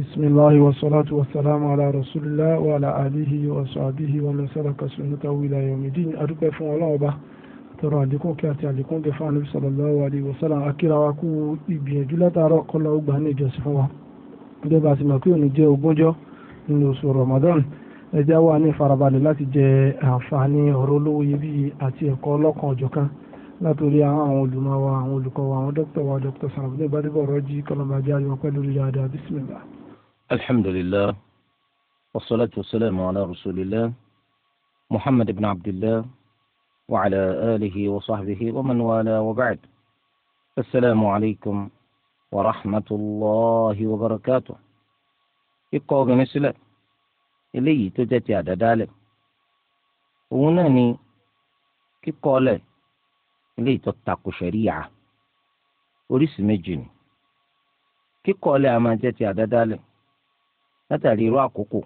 بسم الله والصلاة والسلام على رسول الله وعلى آله وصحبه ومن سلك سنته إلى يوم الدين adúpẹ́ fún Ọlọ́run Ọba tọrọ àlékún kí àti àlékún kí fún Ànábì sallallahu alaihi wasallam akira wa kú ìgbìyànjú látàárọ̀ kọlọ ó gbà ní ìjọsìn fún wa gẹ́gẹ́ bá a ti mọ̀ pé òní jẹ́ ogúnjọ́ nínú oṣù Ramadan ẹjẹ wa ní ìfarabalẹ̀ láti jẹ àǹfààní ọ̀rọ̀ olówó iyebíye àti ẹ̀kọ́ ọlọ́kan ọ̀jọ̀kan látòrí àwọn olùmọ̀ wa àwọn olùkọ́ wa àwọn dókítà wa dókítà sàràbùdé gbadébọrọ jí kọlọmọdé ayọ̀ pẹ̀lú rí dáadáa bísímìlá. الحمد لله والصلاة والسلام على رسول الله محمد بن عبد الله وعلى آله وصحبه ومن والاه وبعد السلام عليكم ورحمة الله وبركاته يقول مثل إلي تجتي هذا ذلك ونني كقول إلي تتق شريعة ورسم الجن كقول أما تجتي هذا ذلك látàrí irú àkókò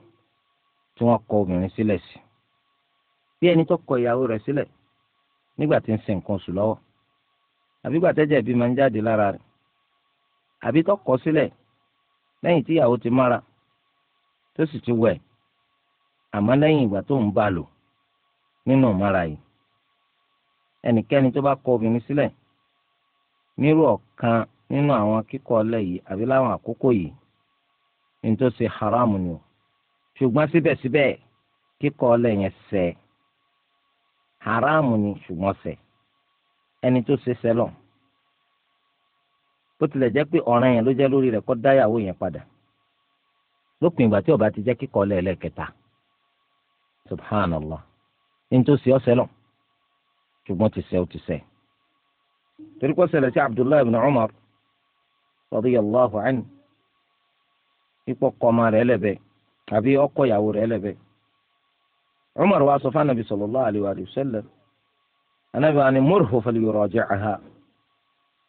tí wọ́n kọ obìnrin sílẹ̀ sí bí ẹni tó kọ ìyàwó rẹ̀ sílẹ̀ nígbà tí ń sin nǹkan oṣù lọ́wọ́ àbí gbàtẹ́jẹ̀ bí máa ń jáde lára rẹ̀ àbí tó kọ sílẹ̀ lẹ́yìn tí ìyàwó ti mára tó sì ti wẹ̀ àmọ́ lẹ́yìn ìgbà tó ń bá lò nínú ìmára yìí ẹnikẹ́ni tó bá kọ obìnrin sílẹ̀ nírú ọ̀kan nínú àwọn kíkọ ọlẹ́ yìí àbí láwọn àkókò yìí nítòsí haramu ni o ṣùgbọ́n síbẹ̀síbẹ̀ kíkọ́ ọlẹ̀ yẹn ṣẹ haramu ni ṣùgbọ́n ṣẹ ẹni tó ṣe sẹ́lọ̀ bó tilẹ̀ jẹ́ pé ọ̀ràn yẹn ló jẹ́ lórí rẹ̀ kó dáyàwó yẹn padà lópin ìgbà tí ó ti jẹ́ kíkọ́ ọlẹ̀ ẹlẹ́kẹta subhanallah nítòsí ọ̀sẹ̀lọ̀ ṣùgbọ́n ti ṣe ó ti ṣe torí kó ṣẹlẹ̀ sí abdullahi ibn umar radiyallahu anhu ipò kọ́mọ rẹ̀ lẹ́bẹ̀ àbí ọkọ ìyàwó rẹ̀ lẹ́bẹ̀. Umar wa sọ fún anabi sallallahu alayhi wa sallam anabi wa ni murhu fal yuraji'aha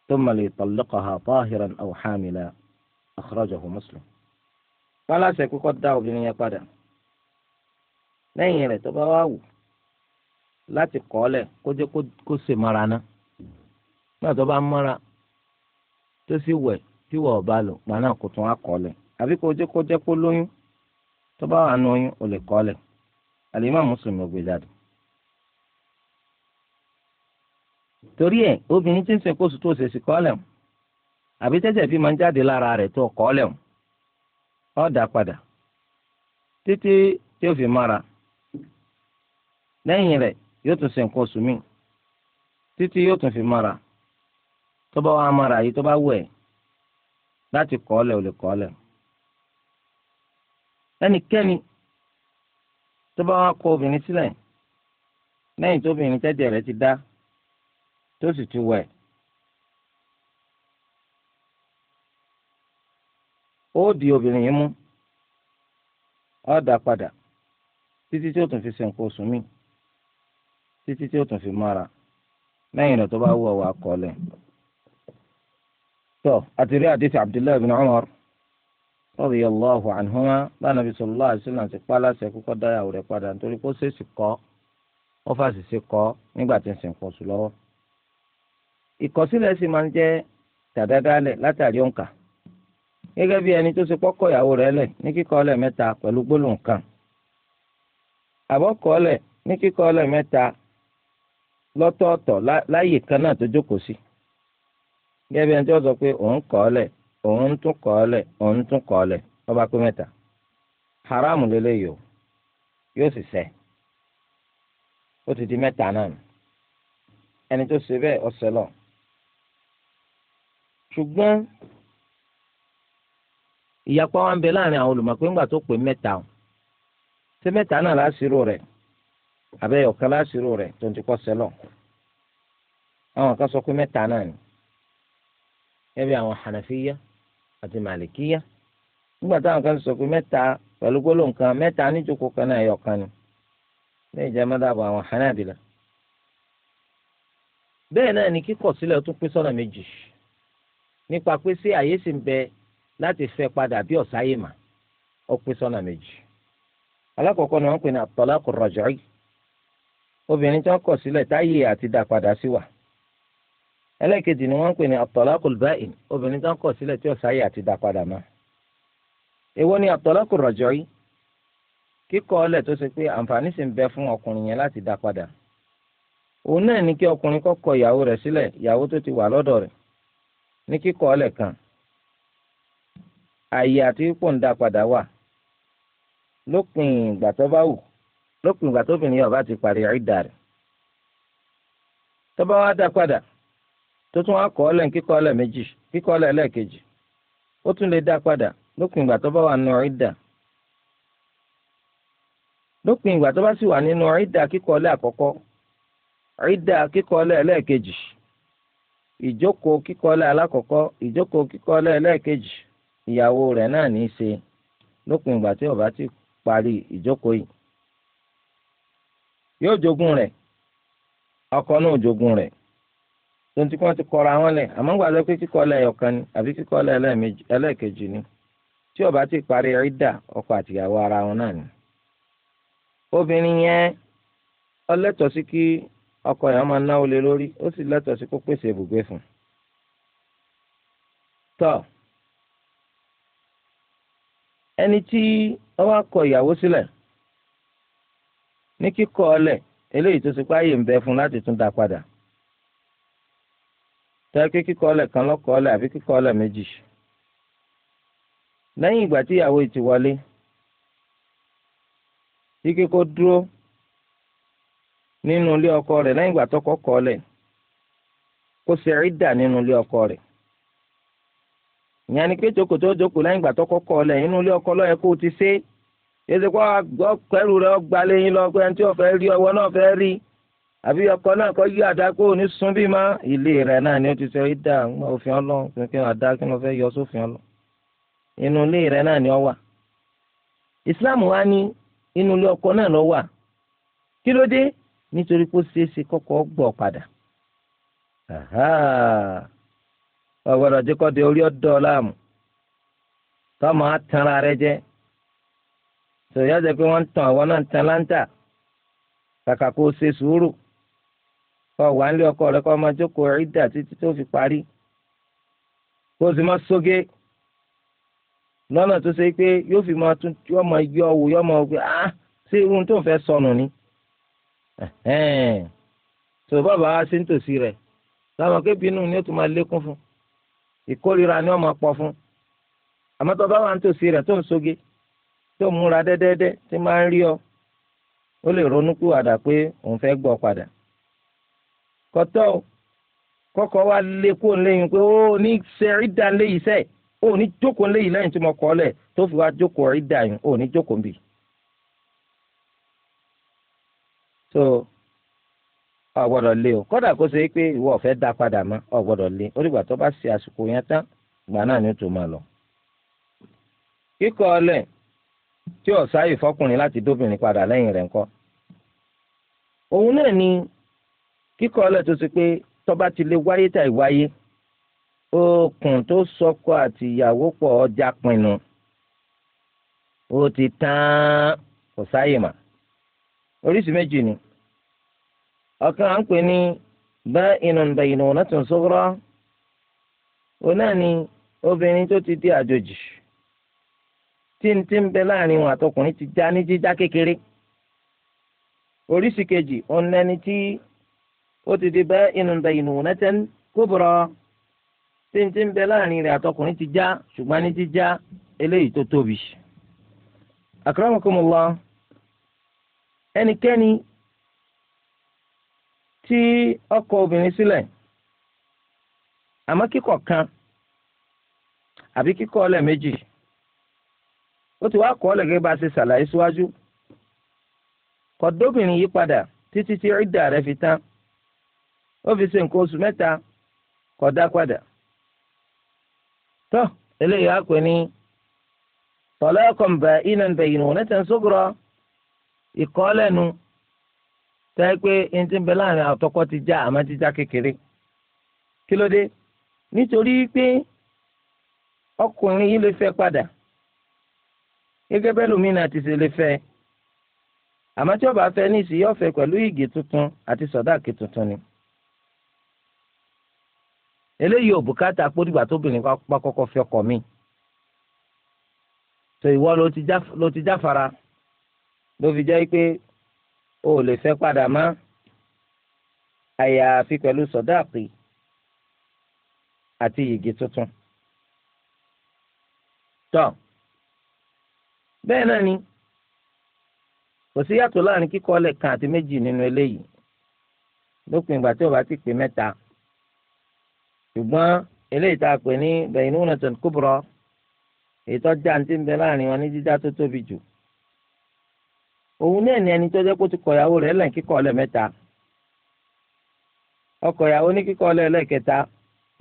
thumma li talliqaha tahiran aw hamila akhrajahu Muslim. pálásẹ kókó dá obìnrin yẹn padà lẹ́yìn rẹ̀ tó bá wà wù láti kọ́lẹ̀ kó jẹ́ kó ṣe mara ná tó bá mara tó sì wẹ̀ tí wọ́n ọba lò gbaná kò tún á kọ́lẹ̀. àbí kò jẹ́ kó jẹ́ kó lóyún tó bá wà nù oyún o lè kọ́lẹ̀ àlèmọ́ mùsùlùmí ò gbé jáde. torí ẹ̀ obìnrin tí ń sìn kóṣù tó ṣe sí kọ́lẹ̀ o àbí tẹ́jẹ̀ bí máa ń jáde lára rẹ̀ o fi mara lẹ́yìn rẹ̀ yóò tún sìn kóṣù míì títí yóò tún fi mara tó bá wà mara yìí tó bá wù láti ò ẹnikẹ́ni tó bá wá kọ obìnrin sílẹ̀ lẹ́yìn tó obìnrin tẹ́jẹ̀ rẹ̀ ti dá tó sì ti wẹ̀. ó di obìnrin yìí mú ó dá padà títí tí ó tún fi ṣe nǹkan oṣù míì títí tí ó tún fi mára lẹ́yìn rẹ̀ tó bá wù ọ́ wà tó àti àdìsí Abdullahi bin Umar. radiyallahu anhuma bánàbí sallallahu alaihi wasallam ti pa láṣẹ kókó dáyàwó rẹ̀ padà nítorí kó ṣèṣì kọ́ ó fàṣìṣe kọ́ nígbà tí ń sìn pọ̀ sùn lọ́wọ́. ìkọsílẹ̀ sì máa ń jẹ́ tàdádálẹ̀ látàrí òǹkà gẹ́gẹ́ bí ẹni tó ṣe kọ́kọ́ ìyàwó rẹ̀ lẹ̀ ní kíkọ́ ọlẹ̀ mẹ́ta pẹ̀lú gbólóhùn kan àbọ̀kọ́ ọlẹ̀ ní kíkọ́ ọlẹ̀ mẹ́ta lọ́tọ̀ọ̀tọ̀ láyè kan náà tó òun tún kọ́ ọ lẹ̀ òun tún kọ́ ọ lẹ̀ ọba pé mẹ́ta haramu o yóò sì ṣẹ̀ ó ti di mẹ́ta náà ẹni tó ṣe bẹ́ẹ̀ ọ̀sẹ̀ lọ ṣùgbọ́n ìyapa wa ń bẹ láàrin àwọn olùmọ̀pẹ́ ńgbà tó o ṣé mẹ́ta náà láṣìírò rẹ̀ àbẹ́ ọ̀kan láṣìírò rẹ̀ tó ń ti kọ́ sẹ́lọ̀ àwọn kan sọ pé mẹ́ta náà ni ẹbí àwọn àti màlìkíyà nígbà táwọn kan sọ pé mẹ́ta pẹ̀lú gbólóhùn kan mẹ́ta níjókòó kan náà ẹyọ kan ni ní ìjẹ́ mọ́dàbọ̀ àwọn Hanabila bẹ́ẹ̀ náà ni kíkọ̀ sílẹ̀ tún pín sọ́nà méjì nípa pé sí àyè sì ń bẹ láti fẹ́ padà bí ọ̀sáyè mà ó pín sọ́nà méjì alákọ̀ọ́kọ́ ni wọ́n pè ní at-talaq ar-raj'i obìnrin tí wọ́n kọ̀ sílẹ̀ táyé àti dá padà sí wà. ẹlẹ́ẹ̀kejì ni wọ́n ń pè ní at-talaqul ba'in obìnrin tó ń kọ̀ sílẹ̀ tí ọ̀sáyé àti dá padà mọ́ èwo ni at-talaqur raj'i kíkọ̀ ọ̀lẹ̀ tó ṣe pé àǹfààní sì ń bẹ fún ọkùnrin yẹn láti dá padà òun náà ní kí ọkùnrin kó kọ ìyàwó rẹ̀ sílẹ̀ ìyàwó tó ti wà lọ́dọ̀ rẹ̀ ní kíkọ̀ ọ̀lẹ̀ kan àyè àti pípò ń dá padà wà lópin ìgbà tó bá wù lópin ìgbà tó tún wá kọ́ ọ́lẹ̀ kíkọ́ ọ́lẹ̀ méjì kíkọ́ ọ́lẹ̀ ó tún lè dá padà lópin ìgbà tó bá wà nínú ìdà lópin ìgbà tó bá sì wà nínú ìdà kíkọ́ àkọ́kọ́ ìdà kíkọ́ ọ́lẹ̀ ìjókòó kíkọ́ alákọ̀ọ́kọ́ ìjókòó tonti kí ti kọra wọn lẹ̀ àmọ́ ń na pé kíkọ́ lẹ̀ ni àbí kíkọ́ lẹ̀ ni tí ọba ti parí rídà ọkọ àtìyàwó ara wọn náà ni. obìnrin yẹn ó ọkọ yẹn máa náwó lé lórí ó sì lẹ́tọ̀ọ́ sí kó pèsè ibùgbé fún un. tọ́ ẹni tí kọ ìyàwó sílẹ̀ fún láti tún dá padà. tẹ́lẹ̀ kíkọ́ ọ̀lẹ̀ kan lọ́kọ́ ọ̀lẹ̀ àbí kíkọ́ ọ̀lẹ̀ méjì. lẹ́yìn ìgbà tí ìyàwó ti wọlé ike kó dúró nínú ilé ọkọ rẹ̀ lẹ́yìn ìgbà tọkọ kọ ọ̀lẹ̀ kó ṣe ìdà nínú ilé ọkọ rẹ̀ ìyẹn ni pé jókòó tó jókòó lẹ́yìn ìgbà tọkọ kọ ọ̀lẹ̀ nínú ilé ọkọ lọ́yẹ kó o ti ṣe é yéé ṣe kó ọkọ ẹrù rẹ̀ àbí ọkọ náà kọ yí àdá kó ma ilé rẹ náà ni ó ti sọ òfin ọlọ́run fún àdá kí wọ́n fẹ yọ sófin ọlọ́ inú ilé náà ni wà wa ni inú ilé ọkọ náà ló wà kí ló dé nítorí kó ṣeé ṣe padà de orí láàmú atanra rẹ pé kọ́ wà nílé ọkọ rẹ kọ́ ọmọ jókòó ìdá títí tó fi parí kó o sì máa sóge lọ́nà tó ṣe pé yóò fi máa tún yọ máa yọ wò yọ máa wò pé ah ṣé irun tó ń fẹ́ sọnù ni tó bàbá wa ṣe ń tòsí rẹ̀ láwọn kébìnú ni ó tún máa lékún fún ìkórira ni ó máa pọ̀ fún àmọ́ tó bá wà ń tòsí rẹ̀ tó ń sóge tó ń múra dẹ́dẹ́dẹ́ tí máa ń rí ọ ó lè ronú pé wàdà pé òun fẹ́ gbọ́ padà. kọ́tọ́ kọkọ wa lé kó léyìn pé ó ní sẹ́rídà léyìí sẹ́ ó ní jókòó léyìí tí mo kọ́ lẹ̀ tó fi wá jókòó rídà yìí ó ní jókòó bì. so ọgbọdọ lé o kódà kó ṣe pé ìwọ ọ̀fẹ́ dá padà mọ́ ọ lé orígbà tó bá ṣe àsìkò lọ. tí ọ̀sáyè fọkùnrin láti dóbìnrin padà lẹ́yìn rẹ̀ kíkọ́ ọ̀lẹ̀ tó pé tọ́ba ti lè wáyé tàì wáyé okùn tó sọkọ àti ìyàwó pọ̀ ọjà pinnu ó ti tán kò sáyè mà oríṣi méjì ni ọ̀kan à ń pè ní bẹ́ẹ̀ ìnùnbẹ ìnùnà tó ń sọ́kọ́rọ́ o náà ni obìnrin tó ti di àjòjì ji. bẹ láàrin wọn àtọkùnrin ti já ní jíjá kékeré oríṣi kejì ó ti di ba'inun baynunatan kubra tíntí ń bẹ láàrin rẹ̀ àtọkùnrin ti já ṣùgbọ́n ní ti já eléyìí tó tóbi. akramakumullah ẹnikẹ́ni tí ọkọ obìnrin sílẹ̀ àmọ́ kíkọ̀ kan àbí kíkọ̀ ọlẹ̀ méjì ó ti wá kọ́ ọlẹ̀ gẹ́gẹ́ bá a ṣe ṣàlàyé síwájú yí padà títí tí ìdá fi tán. ó fi ṣe nǹkan oṣù mẹ́ta kọ̀dá padà tó eléyìí á pè ní talaqan ba'inan baynunatan sughra ìkọ́lẹ́nu tẹ́ pé ẹni ndị bẹ láàrin ti já àmọ́ ti já kékeré kí ló dé nítorí pé ọkùnrin yìí lè fẹ́ padà gẹ́gẹ́ bẹ́ẹ̀ lómìnira ti ṣe lè fẹ́ àmọ́ tí eléyìí ò bùkátà pé dìgbà tóbìnrin bá kọ́kọ́ fi ọkọ mi tó ìwọ ló ti jáfara ló fi jẹ́ pé o ò lè fẹ́ padà mọ́ àyàfi pẹ̀lú sọ̀dáàpì àti yìgì tuntun. tọ́ bẹ́ẹ̀ náà ni kò sí yàtọ̀ láàrin kíkọ́ ọlẹ̀ kan àti méjì nínú eléyìí lópin ìgbà tí o bá ti pè mẹ́ta ṣùgbọ́n eléyìí tá a pè ní bainunatan kubra ètò jàǹtí ń bẹ láàrin wọn ní jíjá tó tóbi jù òun náà ni ẹni tó jẹ́ kó ti kọ̀yàwó rẹ̀ lẹ́yìn kíkọ́ ọ̀lẹ̀ mẹ́ta ọkọ̀yàwó ní kíkọ́ ọ̀lẹ̀ lẹ́ẹ̀kẹta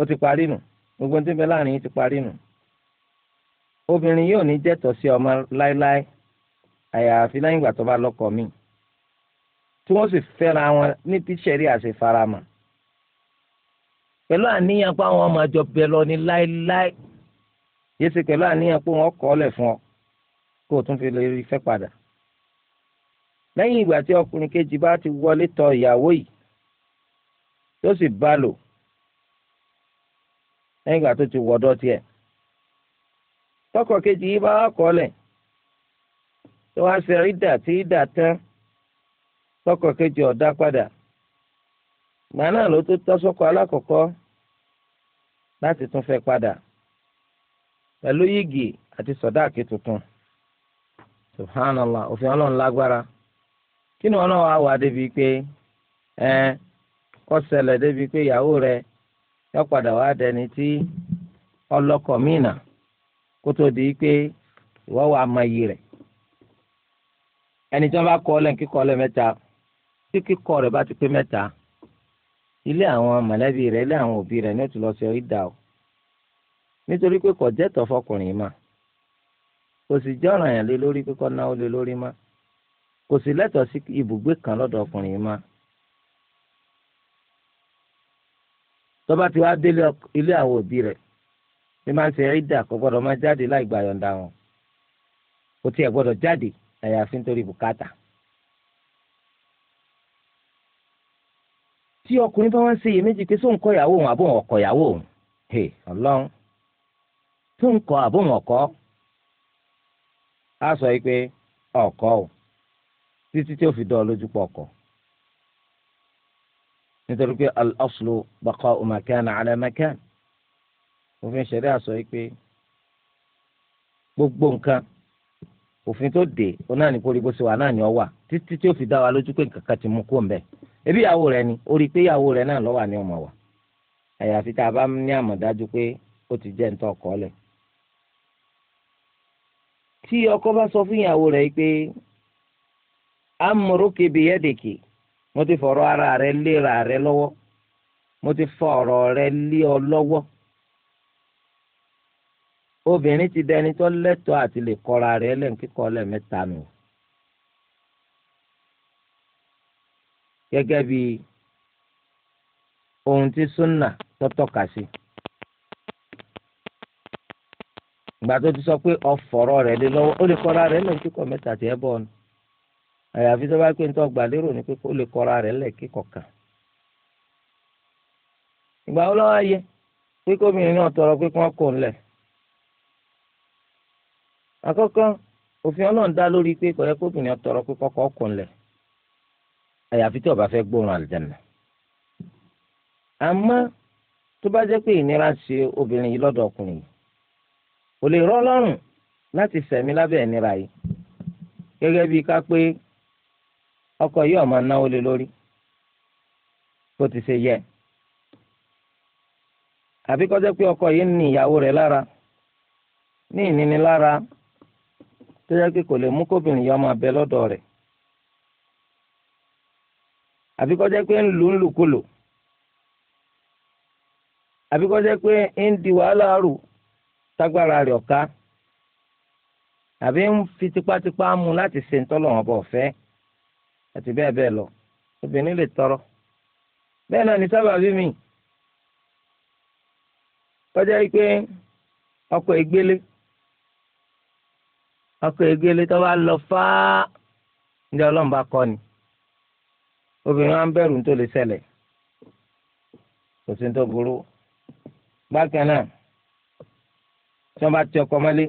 ó ti parí nù gbogbo tí ń bẹ láàrin yìí ti parí nù obìnrin yóò ní jẹ́tọ̀ sí ọmọ láéláé àyàfi lẹ́yìn ìgbà tó bá lọ́kọ mi tí wọ́n sì fẹ́ra wọn ní tíṣẹ̀rí àṣefaramọ̀ pẹ̀lú àníyàn pé àwọn ọmọ àjọ bẹ lọ ní láéláé yìí ṣe pẹ̀lú àníyàn pé fún ọ kó o tún fi lè rí fẹ́ padà. lẹ́yìn ìgbà tí ọkùnrin kejì bá ti wọlé tọ ìyàwó yìí tó sì bá lò lẹ́yìn ìgbà tó ti tiẹ̀ tọkọ kejì yìí bá wà kọ́ tó wá ṣe tọkọ kejì ọ̀dá padà. gbà náà ló tó tọ́ sọ́kọ alákọ̀ọ́kọ́ láti tún fẹ́ padà pẹ̀lú yìgì àti sọ̀dáàkì tuntun subhanallah òfin ọlọ́run lágbára kí ni wọn náà wá wà débi pé ẹ kọ́ ṣẹlẹ̀ débi pé ìyàwó rẹ yọ padà wá dẹni tí ọlọ́kọ̀ mìínà kó tó di pé ìwọ wà á mọ rẹ̀ ẹni tí wọn bá kọ́ ọ lẹ́yìn kíkọ́ ọ lẹ́yìn mẹ́ta tí kíkọ́ rẹ̀ bá ti pé mẹ́ta ilé àwọn mọ̀lẹ́bí rẹ̀ ilé àwọn òbí rẹ̀ ní ó ti lọ ṣe ìdá o nítorí pé kò jẹ́ tọ́fọkùnrin mà kò sì jẹ́ ọ̀ràn yẹn lé lórí kíkọ́ náwó lé lórí mà kò sì lẹ́tọ̀ọ́ sí ibùgbé kan lọ́dọ̀ ọkùnrin mà tọ́ba ti wá délé ilé àwọn òbí rẹ̀ bí máa ń ṣe ìdá kò gbọ́dọ̀ máa jáde láì gbàyọ̀ǹda wọn kò tiẹ̀ gbọ́dọ̀ jáde àyàfi nítorí bùkátà. tí ọkùnrin bá wọn ṣe iyèméjì pé sóun kọ ìyàwó òun àbóun ọkọ ìyàwó òun he Ọlọ́run sóun kọ àbóun ọkọ á sọ yìí pé ọkọ o títí tí ó fi dán ọ lójú pọ ọkọ nítorí pé al-aslu baqa'u ma òfin ṣẹlẹ àsọ yìí pé gbogbo nǹkan òfin tó dé ó náà ní kó rí bó ṣe wà náà ni ọ wà títí tí ó fi dá wa lójú pé nǹkan ti mú kó ń bẹ ebi ìyàwó rẹ ni ó rí i pé ìyàwó rẹ náà lọ́wọ́ ni ọmọ wa àyàfi tá a bá ní àmọ̀dájú pé ó ti jẹ́ nǹkan ọkọ lẹ̀. tí ọkọ bá sọ fún ìyàwó rẹ pé amúrókè bìyẹ́dẹ̀kì mo ti fọ̀rọ̀ ara rẹ léra rẹ lọ́wọ́ mo ti fọ̀rọ̀ rẹ lé ọ lọ́wọ́ obìnrin ti dẹni tó lẹ́tọ̀ọ́ àti lè kọ́ra rẹ̀ lẹ́ǹkíkọ́ lẹ́ẹ̀mẹ́ta nù. gẹ́gẹ́ bí ohun tí súnà tó tọ́ka sí. ìgbà tó ti sọ pé ọ̀fọ̀rọ̀ rẹ̀ lé lọ́wọ́ ó lè kọ́ra rẹ̀ lẹ́ǹkíkọ́ mẹ́ta tí ẹ bọ̀ ọ́nù. àyàfi tó bá ni pé kó lè kọ́ra rẹ̀ lẹ́ẹ̀kíkọ̀ kan. ìgbà wo lọ́wọ́ pé kóbìnrin tọrọ pé kí wọ́n àkọ́kọ́ òfin ọlọ́run dá lórí pé kò yẹ kóbìnrin ọtọrọ pé kọ́kọ́ kùn lẹ̀ àyàfi tí ó bá fẹ́ gbóòórùn àlùjánnà àmọ́ tó bá jẹ́ pé ìnira ṣe obìnrin yìí lọ́dọ̀ ọkùnrin yìí kò lè rọ́ lọ́rùn láti sẹ̀mí lábẹ́ ìnira yìí gẹ́gẹ́ bíi ká pé ọkọ yìí ó máa náwó lé lórí bó ti ṣe yẹ àbí jẹ́ pé ọkọ yìí ń ní ìyàwó rẹ̀ lára ní ìnínilára tó yẹ kí kò lè mú kóbìnrin yọ máa bẹ lọ́dọ̀ rẹ̀ àbí kó jẹ́ pé ń lù ń lùkulù àbí kó jẹ́ pé ń di wàhálà rù tágbára rẹ̀ ọ̀ka àbí ń fi tipátipá mú láti ṣe ń tọ́lọ̀ wọn bọ̀ àti bẹ́ẹ̀ bẹ́ẹ̀ lọ obìnrin lè tọrọ bẹ́ẹ̀ náà ní sábàbí mi kó jẹ́ pé ọkọ ìgbélé ọkọ egéle tó bá lọ fáá ní ọlọ́run bá kọ́ ni obìnrin wa ń bẹ̀rù tó lè ṣẹlẹ̀ kò sí tó burú bákan náà tí wọ́n bá ti ọkọ mọ́lé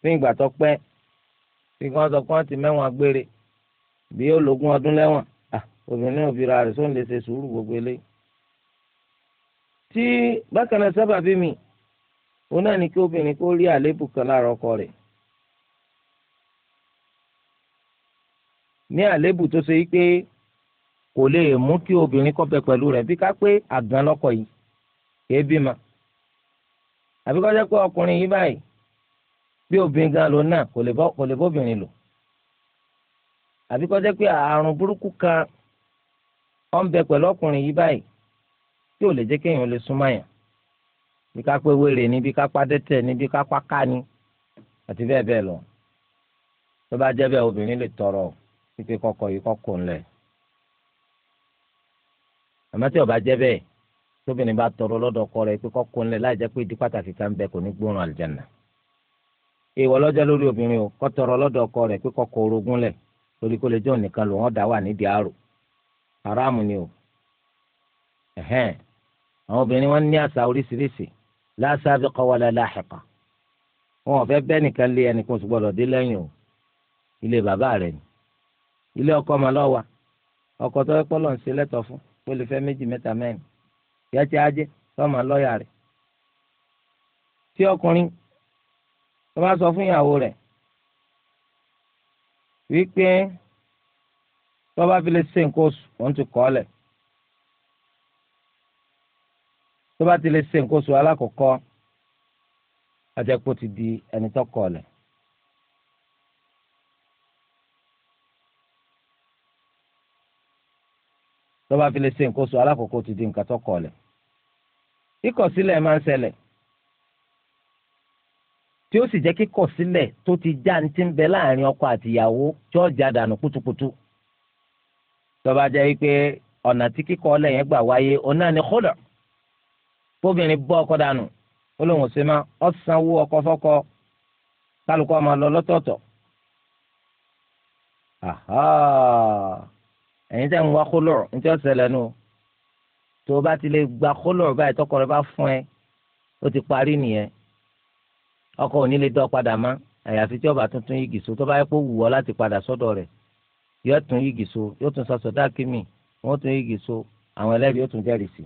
fún ìgbà tó pẹ́ tí wọ́n sọ pé wọ́n ti mẹ́wọ̀n gbére bí yóò lógún ọdún lẹ́wọ̀n obìnrin náà obìnrin rẹ̀ sóun lè ṣe sùúrù gbogbo eléyìí. tí bákan náà sábàbí mi òun náà ní kí obìnrin kó rí àléébù kan lára ọkọ rẹ̀ ní àléébù tó ṣe pé kò lè mú kí obìnrin kọ́ bẹ pẹ̀lú rẹ̀ bí ká pé àgàn lọ́kọ yìí kìí bímọ àbí kọ́ jẹ́ pé ọkùnrin yìí báyìí bí obìnrin gan ló náà kò lè bóbìnrin lò àbí kọ́ jẹ́ pé àrùn burúkú kan ó ń bẹ pẹ̀lú ọkùnrin yìí báyìí tí ò lè jẹ́ kéèyàn lè súnmọ́ bí ká pé wèrè ni bí ká pa dẹ́tẹ̀ ni bí ká pa ká ni àti bẹ́ẹ̀ bẹ́ẹ̀ lọ tó bá jẹ́ bẹ́ẹ̀ obìnrin lè tọrọ o títí kọ́kọ́ yìí kọ́kọ́ ńlẹ̀. àmọ́ tí ó bá jẹ́ bẹ́ẹ̀ tóbìnrin bá tọrọ lọ́dọ̀ ọkọ rẹ̀ pé kọ́kọ́ ńlẹ̀ láì jẹ́ pé ìdí pàtàkì kan bẹ kò ní gbóòórùn àlùjánnà. èèwọ̀ lọ́jọ́ lórí obìnrin o kọ́ tọrọ lọ́dọ̀ ọkọ rẹ̀ pé kọ́kọ́ orogún lẹ̀ torí kó lè jọ́ nìkan lò wọ́n dá wà nídìí àrò haramu ni o. ẹ̀hẹ́n àwọn obìnrin wọn ní àṣà oríṣiríṣi la sabiqa wala lahiqa wọn ò fẹ́ bẹ́ẹ̀ nìkan lé ẹnìkan ṣùgbọ́n o ilé bàbá rẹ̀ ni ilé ọkọ ọmọ lọ́wọ́ ọkọ tó ẹ̀kọ́ lọ́n ṣe lẹ́tọ̀ fún kó lè fẹ́ méjì mẹ́ta mẹ́rin ìyá tí a jẹ́ tọ́mọ lọ́ọ̀yà rẹ̀ tí ọkùnrin tó bá sọ fún ìyàwó rẹ̀ wípé tó bá fi lè ṣe nǹkan oṣù òun ti kọ́ lẹ̀ tó bá ti lè ṣe nǹkan oṣù alákọ̀ọ́kọ́ àjẹpọ̀ ti di ẹni tó kọ́ lẹ̀. lọ́ba fi lè ṣe nǹkan oṣù alákòókò ti di nǹkan tó kọ̀ lẹ̀. kíkọ̀sílẹ̀ máa ń ṣẹlẹ̀ tí ó sì jẹ́ kíkọ̀sílẹ̀ tó ti já ní ti ń bẹ láàrin ọkọ àtìyàwó tí ó já dànù kùtùkùtù. lọ́ba jẹ́ wípé ọ̀nà tí kíkọ́ lẹ̀ yẹn gbà wáyé òun náà ni kódà kóbìnrin bọ́ ọkọ dànù ó lóun ṣe máa ọ̀sánwó ọkọ fọ́kọ kálukọ́ máa lọ lọ́tọ̀ọ̀tọ̀. Aha ẹ̀yin tẹ́ ń wá kólọ̀ nítorí ọ̀sẹ̀ lẹ́nu tó o bá ti lè gba kólọ̀ báyìí tọkọ rẹ bá fún ẹ ó ti parí nìyẹn ọkọ ò ní lè dán padà mọ́ àyàfi tí ọba tuntun yìí gìso tó bá yẹ kó wù ọ láti padà sọ́dọ̀ rẹ̀ yóò tún yìí gìso yóò tún sọ̀sọ̀ dákìmì wọ́n tún yìí gìso àwọn ẹlẹ́rìí yóò tún jẹ́rìí sí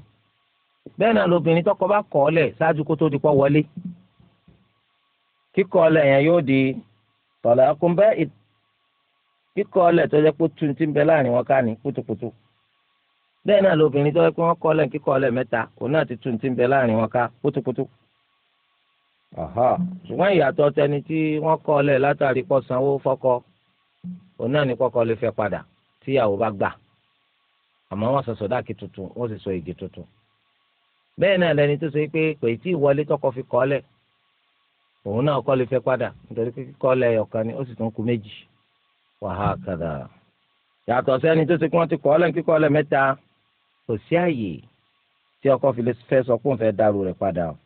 bẹ́ẹ̀ náà lobìnrin tọkọ bá kọ̀ ọ́ ṣáájú kó tó di pọ́ wọlé kíkọ̀ ọ́ yẹn yóò di tọ̀lá kúnbẹ́ kíkọ́ ọlẹ̀ tó jẹ́ pé tún ti ń bẹ láàrin wọn ká ní kùtùkùtù bẹ́ẹ̀ náà lóbìnrin tó jẹ́ pé wọ́n kọ́ ọlẹ̀ kíkọ́ ọlẹ̀ mẹ́ta òun náà ti tún ti ń bẹ láàrin wọn ká kùtùkùtù. ṣùgbọ́n ìyàtọ̀ tẹni tí wọ́n kọ́ ọlẹ̀ látàrí pọ̀ sanwó fọ́kọ òun náà ní kọ́kọ́ lè fẹ́ padà tíyàwó bá gbà àmọ́ wọ́n sọ sọ̀dáàkì tuntun wọ́n sì sọ ìgè tuntun bẹ́ẹ̀ náà lẹni tó sọ pé pé tí ìwọlé tọkọ fi kọ́ ọlẹ̀ òun náà kọ́ lè fẹ́ padà nítorí kíkọ́ ọlẹ̀ ọ̀kan ni ó sì tún kù méjì wàhákàdà yàtọ̀ sẹ́ni tó ti kí wọ́n ti kọ́ ọ́lẹ̀ kíkọ́ ọ́lẹ̀ mẹ́ta kò sí àyè tí ọkọ fi lè fẹ́ sọ pé òun fẹ́ dàrú rẹ̀ padà o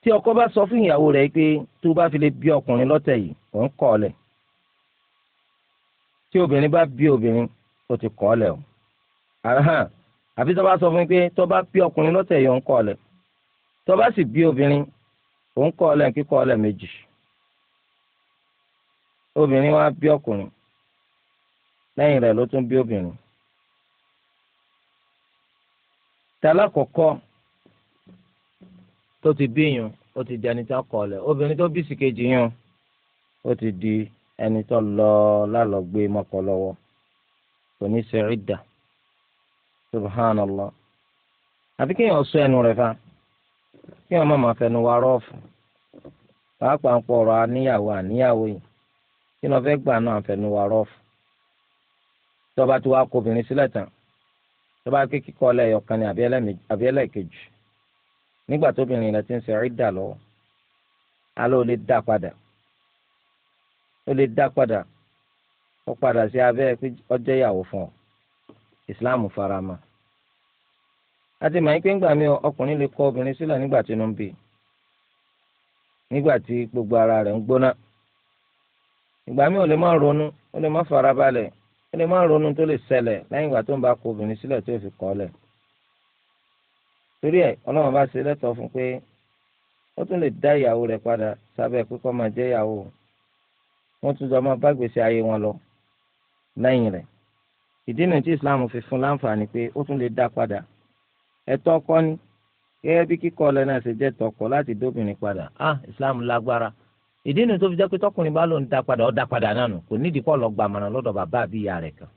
tí ọkọ bá sọ fún ìyàwó rẹ̀ pé tó bá fi lè bí ọkùnrin lọ́tẹ̀ yìí òun kọ̀ ọ́lẹ̀ tí obìnrin bá bí obìnrin ó ti kọ̀ ọ́lẹ̀ o àfi tó bá sọ fún pé tó bá bí ọkùnrin lọ́tẹ̀ yìí òun kọ̀ ọ́lẹ̀ tó bá sì bí obìnrin òun kọ̀ ọ́lẹ̀ kíkọ̀ ọ́lẹ̀ méjì. obìnrin wa bí ọkùnrin lẹ́yìn rẹ̀ ló tún bí obìnrin tàlákọ̀ọ́kọ́ tó ti bí yun ó ti di ẹni tó kọ̀ lẹ̀ obìnrin tó bí sìkejì yun ó ti di ẹni tó lọ lálọ́gbé mọ́kọ lọ́wọ́ kò ní ṣe ìdà subhanallah àti kéèyàn sọ ẹnu rẹ̀ fa kéèyàn má máa fẹnu wa rọ́ọ̀fù pàápàá ń pọ̀ ọ̀rọ̀ àníyàwó àníyàwó yìí. kí lọ́ọ́ fẹ́ gbà náà àfẹnuwà rọ́ọ̀fù Tọba tí wàá kó obìnrin sílẹ̀ tán Tọba pé kíkọ́ lẹ́yọkan ní àbí ẹlẹ́ẹ̀kejì nígbà tóbìnrin rẹ̀ ti ń ṣe ìdà lọ́wọ́ alẹ́ ò lè dá padà ó lè dá padà ó padà sí abẹ́ pé ọjọ́ ìyàwó fún Islam farama àti màá pé ńgbà mi ọkùnrin lè kọ obìnrin sílẹ̀ nígbà tí inú ń bì nígbà tí gbogbo ara igba mi ò lè má ronú ó lè má farabalẹ̀ ó lè má ronú tó lè ṣẹlẹ̀ lẹ́yìn ìgbà tó ń bá kó obìnrin sílẹ̀ tó fi kọ́ fi torí ẹ̀ ọlọ́run bá ṣe lẹ́tọ̀ọ́ fún pé ó tún lè dá ìyàwó rẹ̀ padà sábẹ́ pé kó máa jẹ́ ìyàwó wọn tún jọ máa bá gbèsè ayé wọn lọ lẹ́yìn rẹ̀ ìdí Islam fi fún láǹfààní pé ó tún lè dá padà ẹ̀tọ́ ọkọ ni gẹ́gẹ́ bí kíkọ́ náà ṣe jẹ́ tọkọ láti dóbìnrin padà ah Islam lágbára. ìdí nu tó fi jẹ́ pé tọkùnrin bá lòun dá padà ó dá padà náà nù kò nídìí kọ́ lọ gbàmọ̀ràn lọ́dọ̀ bàbá àbí ìyá rẹ̀ kan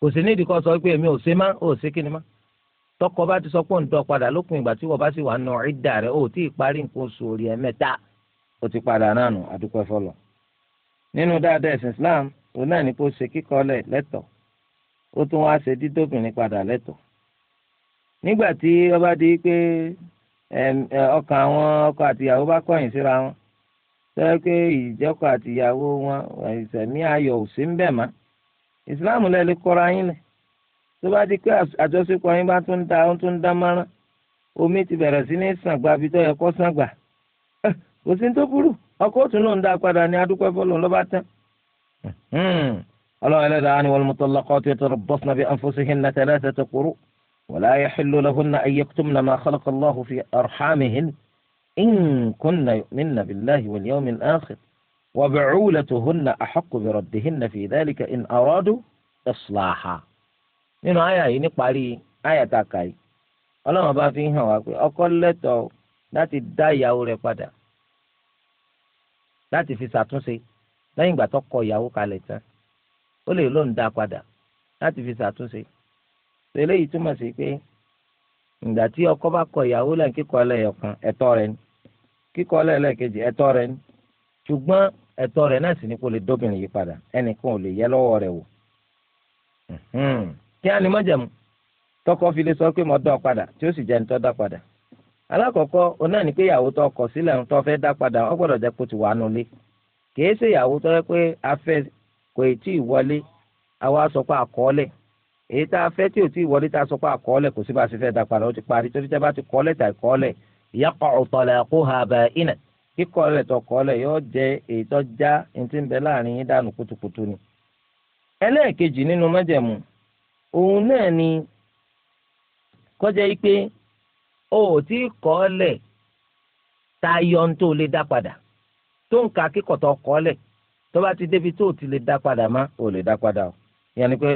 kò sí nídìí kọ́ sọ pé èmi ò ṣe má ò ṣe kí ni má tọkọ bá ti sọ pé òun dọ̀ padà lópin ìgbà tí wọ́n bá sì wà nù ìdá rẹ̀ ó tí parí nǹkan oṣù orí ẹ̀ mẹ́ta ó ti padà náà àdúpẹ́ fọlọ́ nínú dáadáa ẹ̀sìn Islam òun náà ní kó ṣe kíkọ́lẹ̀ lẹ́tọ̀ ó tún wá ṣe dídóbìnrin padà lẹ́tọ̀ nígbà tí ó sẹ́yìn pé ìjọ́kọ̀ àti ìyàwó wọn ìsẹ̀mí ayọ̀ ò sí ń bẹ̀ mọ́ ìsìláàmù lẹ́lẹ́ kọ́ra yín lẹ̀ tó bá di pé àjọṣepọ̀ yín bá tún ń da ó tún ń dá mọ́rán omi ti bẹ̀rẹ̀ sí ní sàngbà bí tó yẹ kó sàngbà kò sí tó burú ọkọ̀ òtún ló ń dá padà ní adúpẹ́ fọlọ́ ló bá tán. Hmm. ọlọ́run ẹlẹ́dàá ni والمطلقات يتربصن بأنفسهن ثلاثة قروء ولا يحل لهن إن كن يؤمن بالله واليوم الآخر وبعولتهن أحق بردهن في ذلك إن أرادوا إصلاحا nínú àyà yìí a kà yìí ọlọ́run bá fi hàn wá pé ọkọ lẹ́tọ̀ọ́ láti dá fi ṣàtúnṣe lẹ́yìn ìgbà tó kọ ìyàwó kalẹ̀ tán ó na ọkọ bá kọ ìyàwó lẹ́yìn kíkọ ẹlẹ́yọ̀kan ẹ̀tọ́ rẹ̀ ni kíkọ́ lẹ́ẹ̀lẹ́kejì ẹ̀tọ́ rẹ̀ ni ṣùgbọ́n ẹ̀tọ́ rẹ̀ náà sì ni kò lè dóbìnrin yìí padà ẹnìkan ò lè yẹ lọ́wọ́ rẹ̀ wò. kí á ní mọ́jẹ̀mú tọkọ fi lè sọ pé mo dán padà tí ó sì jẹ́ ní tọ́ dá padà. alákọ̀ọ́kọ́ oná ní pé ìyàwó tó kọ̀ sílẹ̀ ń tọ́ fẹ́ dá padà ó gbọ́dọ̀ jẹ́ kó ti wà nulẹ̀. kìí ṣe ìyàwó tó yẹ pé a fẹ́ kò ì tí ì wọlé àwa sọ pé àkọọ́lẹ̀ èyí tá a fẹ́ tí ò tí ì wọlé tá a sọ pé àkọọ́lẹ̀ kò sí bá a ṣe fẹ́ dá padà ó ti parí torí tẹ́ bá ti kọ́ọ́lẹ̀ tàì kọ́ọ́lẹ̀ ya talaquha ba'inan kíkọ̀ rẹ̀ tọkọ̀ọ́lẹ̀ yóò jẹ́ èyí tó já etí ń bẹ láàrin yín dànù kutukutu ni. ẹlẹ́ẹ̀kejì nínú òun náà ni kọjá yìí pé o ò tí ta yọ o le lè dá padà tó ń ka kíkọ̀ tó tó ti débi tó padà má o lè dá padà o yẹn ni pé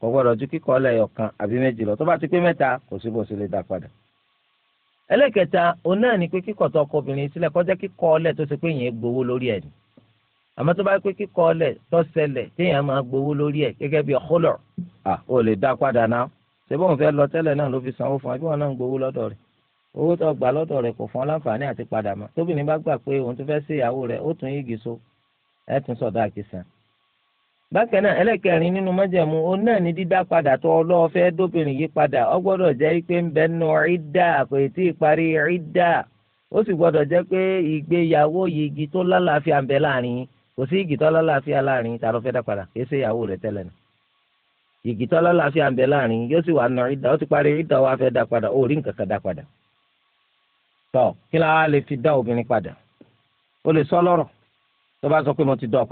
ju lọ tó bá ti pé mẹ́ta kò sí padà. ẹlẹ́kẹta òun náà ni pé kíkọ̀ tó ọkọ obìnrin sílẹ̀ kọjá kíkọ̀ ọlẹ̀ tó ṣe pé yẹn gbowó lórí ẹ̀ ni àmọ́ tó bá pé kíkọ̀ ọlẹ̀ tó ṣẹlẹ̀ téèyàn máa gbowó lórí ẹ̀ gẹ́gẹ́ bí ọkọlọ̀ ò lè dá padà náà ṣé bóun fẹ́ lọ tẹ́lẹ̀ náà ló fi sanwó fún ẹbí wọn náà ń gbowó lọ́dọ̀ rẹ̀ owó tó gbà lọ́dọ̀ rẹ̀ kò fún láǹfààní àti padà mọ́ tóbìnrin bá gbà pé òun tó fẹ́ ṣèyàwó rẹ̀ bákan náà elekere nínú májẹ̀mú òun náà ní dídá padà tó o dóbìnrin yìí padà ọ gbọ́dọ̀ jẹ́ pé ń bẹ nù ìdá kò tí ì parí ìdá ó sì gbọ́dọ̀ jẹ́ pé ìgbéyàwó tó lálàáfíà ń bẹ láàrin kò sí igi tó lálàáfíà láàrin tààrọ̀ fẹ́ dá padà kì í ṣe ìyàwó tẹ́lẹ̀ nù igi tó lálàáfíà ń bẹ láàrin yóò sì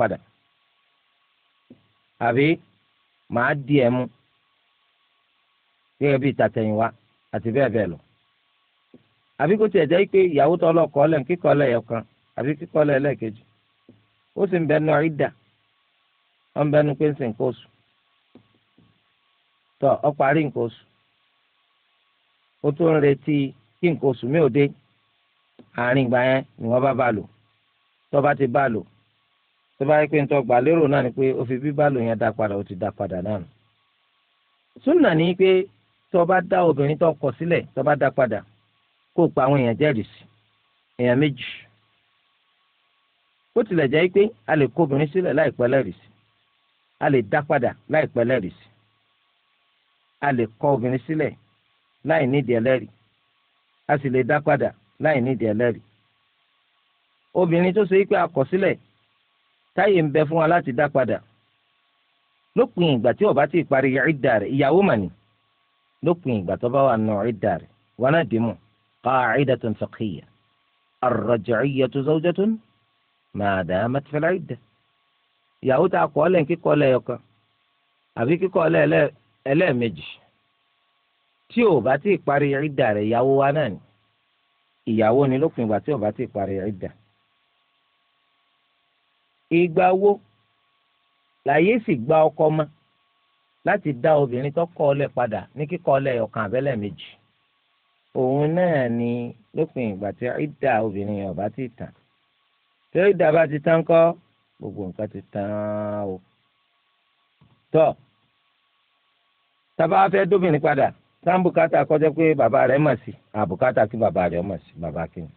wà àbí màá di ẹ̀ mú gẹ́gẹ́ bíi tàtẹ̀yìnwá àti bẹ́ẹ̀ bẹ́ẹ̀ lọ. àbí kó tiẹ̀ jẹ́ pé ìyàwó tó ọlọ́kọ̀ lẹ̀ kíkọ́ lẹ́yọ̀ kan àbí kíkọ́ lẹ̀ lẹ́ẹ̀kejì ó sì ń bẹnu àrídà ó ń bẹnu pé ń sìn kó sùn tọ ọ parí nǹkan oṣù ó tún ń retí kí nǹkan oṣù mi ò dé àárín ìgbà yẹn ni wọ́n bá bá lò tó bá ti bá lò tó bá yẹ pé nítorí ọgbà lérò náà ni pé ó fi bíbá lò yẹn dá padà ó ti dá padà náà nù. súnà ni pé tó bá dá obìnrin tó kọ sílẹ̀ tó bá dá padà kó pa àwọn èèyàn jẹ́rìsì èèyàn méjì ó tilẹ̀ jẹ́ pé a lè kó obìnrin sílẹ̀ láìpẹ́ lẹ́rìsì a lè dá padà láìpẹ́ lẹ́rìsì a lè kọ obìnrin sílẹ̀ láì nídìí ẹlẹ́rìí a sì lè dá padà láì nídìí ẹlẹ́rìí obìnrin tó ṣe pé akọ̀sílẹ̀ táyé ń bẹ fún wa láti dá padà lópin ìgbà tí ó bá ti parí ìdá rẹ̀ ìyàwó mà ní lópin ìgbà tó bá wà nù ìdá rẹ̀ wọn náà dì mú qa'idatun fiqhiyyah ar-raj'iyyatu zawjatun ma damat fil iddah ìyàwó tá a kọ́ lẹ́yìn kíkọ́ lẹ́yọkan àbí kíkọ́ ẹlẹ́ẹ̀mejì tí ó ti parí ìdá rẹ̀ ìyàwó wa náà ni ìyàwó ni lópin ìgbà tí ó ti parí ìdá rẹ̀ ìgbà wo làyè sì gba ọkọ mọ́ láti dá obìnrin tó kọ̀ ọ́ lẹ̀ padà ní kíkọ̀ ọ́ lẹ̀ ọ̀kan àbẹ́lẹ̀ méjì òun náà ni lópin ìgbà tí ìdá obìnrin yẹn ọba ti tàn tí ìdá bá ti tán kọ́ gbogbo nǹkan ti tán o tọ́ tábà fẹ́ dóbìnrin padà sáǹbùkátà kọjá pé bàbá rẹ̀ mọ̀ sí àbùkátà kí bàbá rẹ̀ mọ̀ sí bàbá kí ni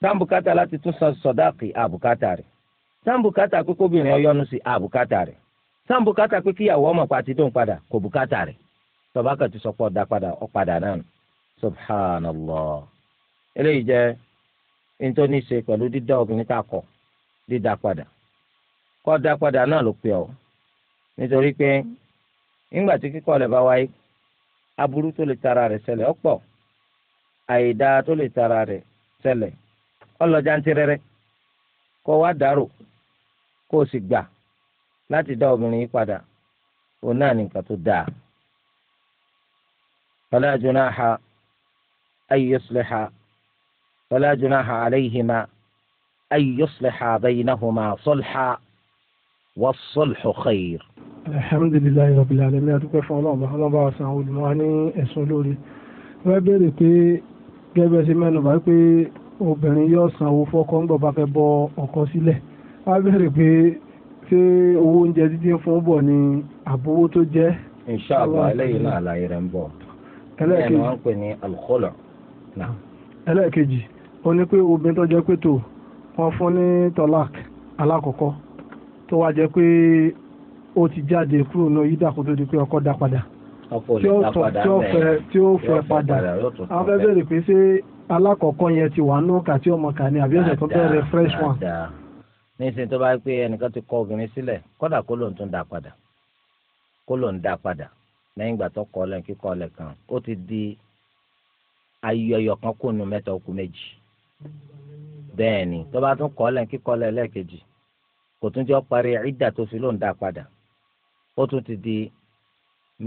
sáǹbùkátà láti tún sọ sọdáàkì àbùkátà rẹ̀ sáà bùkátà pé kóbìnrin ọyọ́nu sí àbùkátà rẹ̀ sáà bùkátà pé kíyàwó ọmọ pàtí tó padà kò bùkátà rẹ̀ tọba kan ti sọ pé ọ̀dà padà ọ̀padà náà subhanallah eléyìí jẹ́ nítorí ṣe pẹ̀lú dídá obìnrin tá a kọ̀ dídá padà kọ́ ọ̀dà padà náà ló pè ọ́ nítorí pé nígbà tí kíkọ́ rẹ̀ bá wáyé aburú tó lè tara rẹ̀ kó o sì gbà láti dá obìnrin yìí padà òun náà ní nǹkan tó dáa. فلا جناح أن يصلح فلا جناح عليهما أن يصلح بينهما صلحا والصلح خير. الحمد لله alhamdulilayi العالمين adúpẹ́ fún ọlọ́run bá ọlọ́run bá wa san olùmọ́ ní ẹ̀sùn olórí wọ́n béèrè pé gẹ́gẹ́ bí ẹ ṣe mẹ́nu bá pé wọ́n á bẹ̀rẹ̀ pé ṣé owó oúnjẹ títí ń fún bọ̀ ni àbówó tó jẹ́. inṣàlá eléyìí náà àlàyé rẹ̀ ń bọ̀ ẹlẹ́ẹ̀kejì wọ́n ń pè ní alukọ́lọ̀ ẹlẹ́ẹ̀kejì ní pé obìnrin tó jẹ́ pé ní tọ́lák alákọ̀ọ́kọ́ tó wá jẹ́ pé ó ti jáde kúrò náà yídà kó tó di pé ọkọ dá padà tí ó fẹ́ padà alákọ̀ọ́kọ́ yẹn ti wà nù nísìnyí tó bá pé ẹnìkan ti kọ obìnrin sílẹ̀ kódà kó ló ń tún dá padà kó ló ń dá padà lẹ́yìn ìgbà tó kọ lẹ́yìn kíkọ lẹ́kan ó ti di ayọyọ kan kó nu mẹ́ta okùn méjì bẹ́ẹ̀ ni tó bá tún kọ lẹ́yìn kíkọ lẹ́ẹ̀kejì kò tún jọ parí ìdà tó fi ló ń dá padà ó tún ti di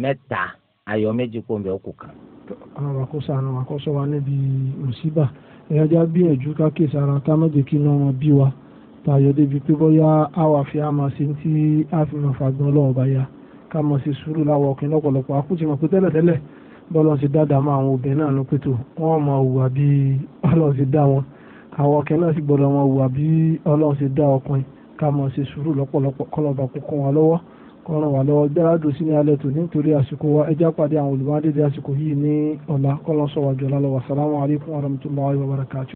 mẹ́ta ayọ̀ méjì kó ń bẹ okùn kan. àwọn àkóso àwọn àkóso wa níbi mùsíbà ẹ̀yájá gbìyànjú ká kí sara ká má jẹ́ kí iná wọn bí wa tayọ débi pé bóyá àwa fi àmọ́ sí tí a fi mọ̀ fagbọ́n ọlọ́run bá yá ká mọ̀ sí sùúrù láwọn ọkùnrin lọ́pọ̀lọpọ̀ akúti mọ̀ pé tẹ́lẹ̀tẹ́lẹ̀ bọ́lọ́n ti dáadáa mọ́ àwọn obìnrin náà ló pé tó wọ́n mọ hùwà bí ọlọ́run ti dá wọn àwọn ọkùnrin náà sì gbọ́dọ̀ mọ hùwà bí ọlọ́run ti dá ọkùnrin ká mọ̀ sí sùúrù lọ́pọ̀lọpọ̀ kọlọ́ba kókó wọn lọ́wọ́ kọ́ran wà lọ́wọ́ gbẹ́rádùn sí ní alẹ́ tó nítorí àsìkò wa ẹjá pàdé àwọn olùwádìí